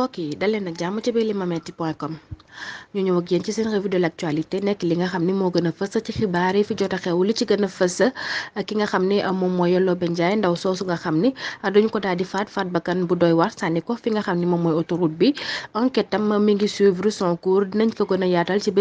mbokk yi daleen ak jàmm ci biir limametti point com ñu ñëw ak yéen ci seen revue de l'actualité nekk li nga xam ni moo gën a fës ci xibaar yi fi jot a xew li ci gën a fës ki nga xam ni uh, moom mooy Lobé Ndiaye ndaw soosu nga xam ni uh, dañu ko daal di faat faat bakkan ni moom mooy autoroute bi enquête tam mi ngi suivre son cours dinañ ko gën a yaatal yi uh,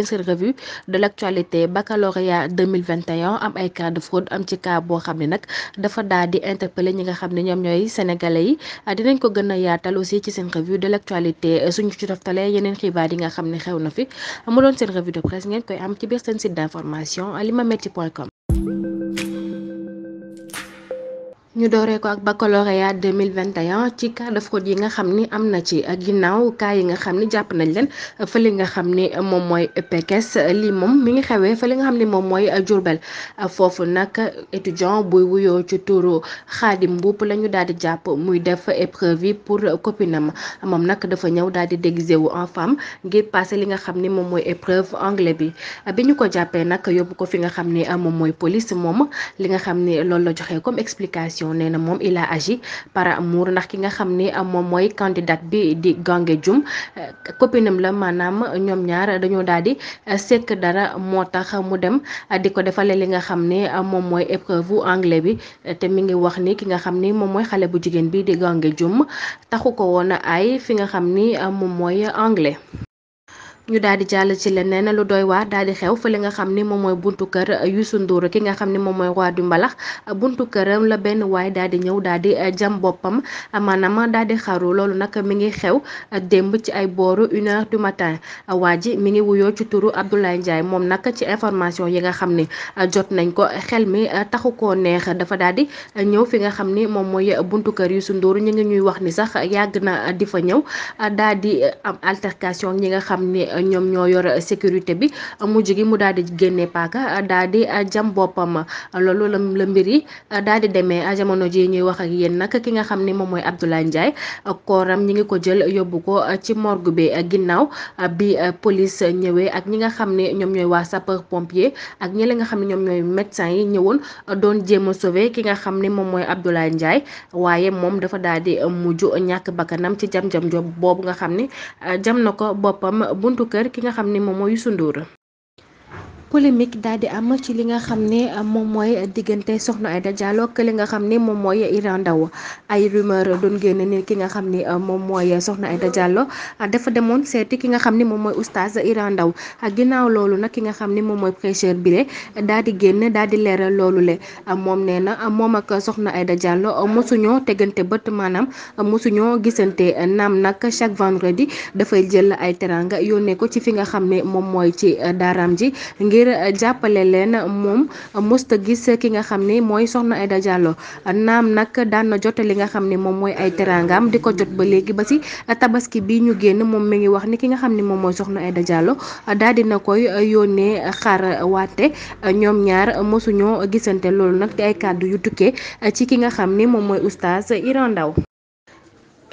dinañ ko gën a yaatal aussi ci seen revue de l'actualité suñu ci toftalee yeneen xibaar yi nga xam ne On fait fi moment doon revue de presse ngeen koy am ci biir sen site d'information à ñu dooree ko ak baccalauréat 2021 ci cas de fraude yi nga xam ni am na ci ginnaaw cas yi nga xam ni jàpp nañ leen fële nga xam ni moom mooy Pekes lii moom mi ngi xewee fële nga xam ni moom mooy Diourbel foofu nag étudiant buy wuyoo ci turu Xaadim Mbuup la ñu daal di jàpp muy def épreuve yi pour copinam moom nag dafa ñëw daal di déguisé wu en femme ngir passé li nga xam ni moom mooy épreuve anglais bi bi ñu ko jàppee nag yóbbu ko fi nga xam ni moom mooy police moom li nga xam ni loolu la joxee comme explication. opposition nee na moom il a agi par amour ndax ki nga xam ni moom mooy candidate bi di Gangue Dioum eh, copinam la maanaam ñoom ñaar dañoo daal di eh, sekk dara moo tax mu dem eh, di ko defalee li nga xam ni moom mooy épreuve anglais bi te mi ngi wax ni ki nga xam ni moom mooy xale bu jigéen bi di Gangue Dioum taxu ko woon ay fi nga xam ni moom mooy anglais. ñu daal di jàll ci leneen lu doy waar daal di xew fële nga xam ni moom mooy buntu kër Youssou Ndour ki nga xam ni moom mooy roi du mbalax buntu këram la benn waay daal di ñëw daal di jam boppam maanaam daal di xaru loolu nag mi ngi xew démb ci ay booru une heure du matin ji mi ngi wuyoo ci turu Abdoulaye Ndiaye moom nag ci information yi nga xam ni jot nañ ko xel mi taxu koo neex dafa daal di ñëw fi nga xam ni moom mooy buntu kër Youssou Ndour ñu ngi ñuy wax ni sax yàgg na di fa ñëw daal altercation ñi nga xam ni ñoom ñoo yor sécurité bi mujj gi mu daal di génne paaka daal di jam boppam loolu la la mbir yi daal di demee jamono ji ñuy wax ak yéen nag ki nga xam ni moom mooy Abdoulaye Ndiaye kooram ñi ngi ko jël yóbbu ko ci morgue bi ginnaaw bi police ñëwee ak ñi nga xam ne ñoom ñooy waa sapeur pompier ak ñi nga xam ne ñoom ñooy médecins yi ñëwoon doon jéema a sauver ki nga xam ne moom mooy Abdoulaye Ndiaye waaye moom dafa daal di mujj ñàkk bakkanam ci jam-jam job boobu nga xam ne jam na ko boppam buntu kër ki nga xam ni moom mooy Youssou polémique daal di am ci li nga xam ne euh, moom mooy diggante soxna ay Diallo ak li nga xam ne moom mooy Iran Ndao ay rumeur doon génn ni ki nga xam ne euh, moom mooy soxna Aïda Diallo euh, dafa demoon seeti ki nga xam ne moom mooy oustaz Iran ak ginnaaw loolu nag ki nga xam ni moom mooy bi bile daal di génn daal di leeral loolu le moom nee na moom ak soxna Aïda Diallo mosuñoo tegante bët maanaam mosuñoo gisante naam nag chaque vendredi dafay jël ay teranga yónnee ko ci fi nga xam ne moom mooy ci daaraam ji jàppale leen moom mosta gis ki nga xam ni mooy soxna ay Diallo naam nag daan na jote li nga xam ni moom mooy ay teraangaam di ko jot ba léegi ba si tabaski bi ñu génn moom mi ngi wax ni ki nga xam ni moom mooy soxna ay Diallo daal dina koy yónnee xar waate ñoom ñaar mosuñoo gisante loolu nag di ay kàddu yu tukkee ci ki nga xam ni moom mooy oustaz Iran ndaw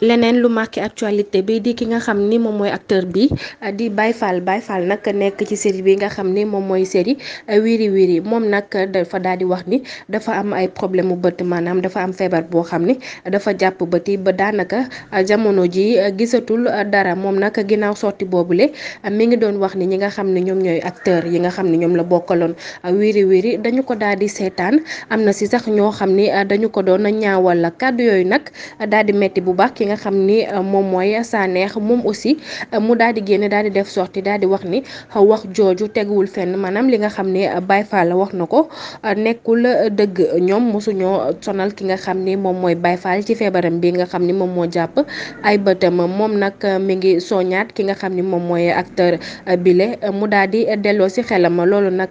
leneen lu marqué actualité bi di ki nga xam ni moom mooy acteur bi di Baye Fall Baye Fall nag nekk ci série bi nga xam ni moom mooy série euh, Wiri Wiri moom nag dafa daal di wax ni dafa am ay mu bët maanaam dafa am feebar boo xam ni dafa jàpp bët yi ba daanaka euh, jamono ji euh, gisatul dara moom nag ginnaaw sorti le mi ngi doon wax ni ñi nga xam ne ñoom ñooy acteur yi nga xam ne ñoom la bokkaloon a Wiri Wiri dañu ko daal di seetaan am na si sax ñoo xam ni dañu ko doon ñaawal la kàddu yooyu nag daal di metti bu baax. ki nga xam ni euh, moom mooy Sanekh moom aussi euh, mu daal di génn daal di def sorti daal di wax ni euh, wax jooju teguwul fenn maanaam li nga xam ne Baye Fall wax na ko nekkul dëgg ñoom mosuñoo sonal ki nga xam ni moom mooy Baye Fall ci feebaram bi nga xam ni moom moo jàpp ay bëtam moom nag mi ngi soñaat ki nga xam ni moom mooy acteur bile mu daal di delloo si xelam loolu nag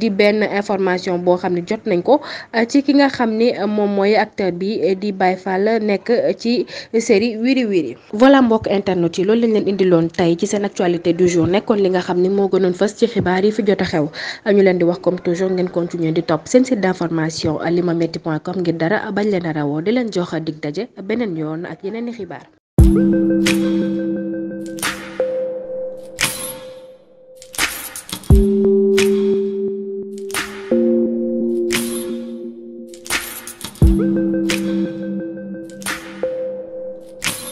di benn information boo xam ni jot nañ ko ci ki nga xam ni moom mooy acteur bi di Baye Fall nekk ci série wiri wiri voilà mbokk internet yi loolu lañ leen indiloon tey ci seen actualité du jour nekkoon li nga xam ne moo gënoon fës ci xibaar yi fi jot a xew ñu leen di wax comme toujours ngeen continuer di topp seen site d'information limametti.com ngir dara bañ leen rawoo di leen jox dig daje beneen yoon ak yeneen xibaar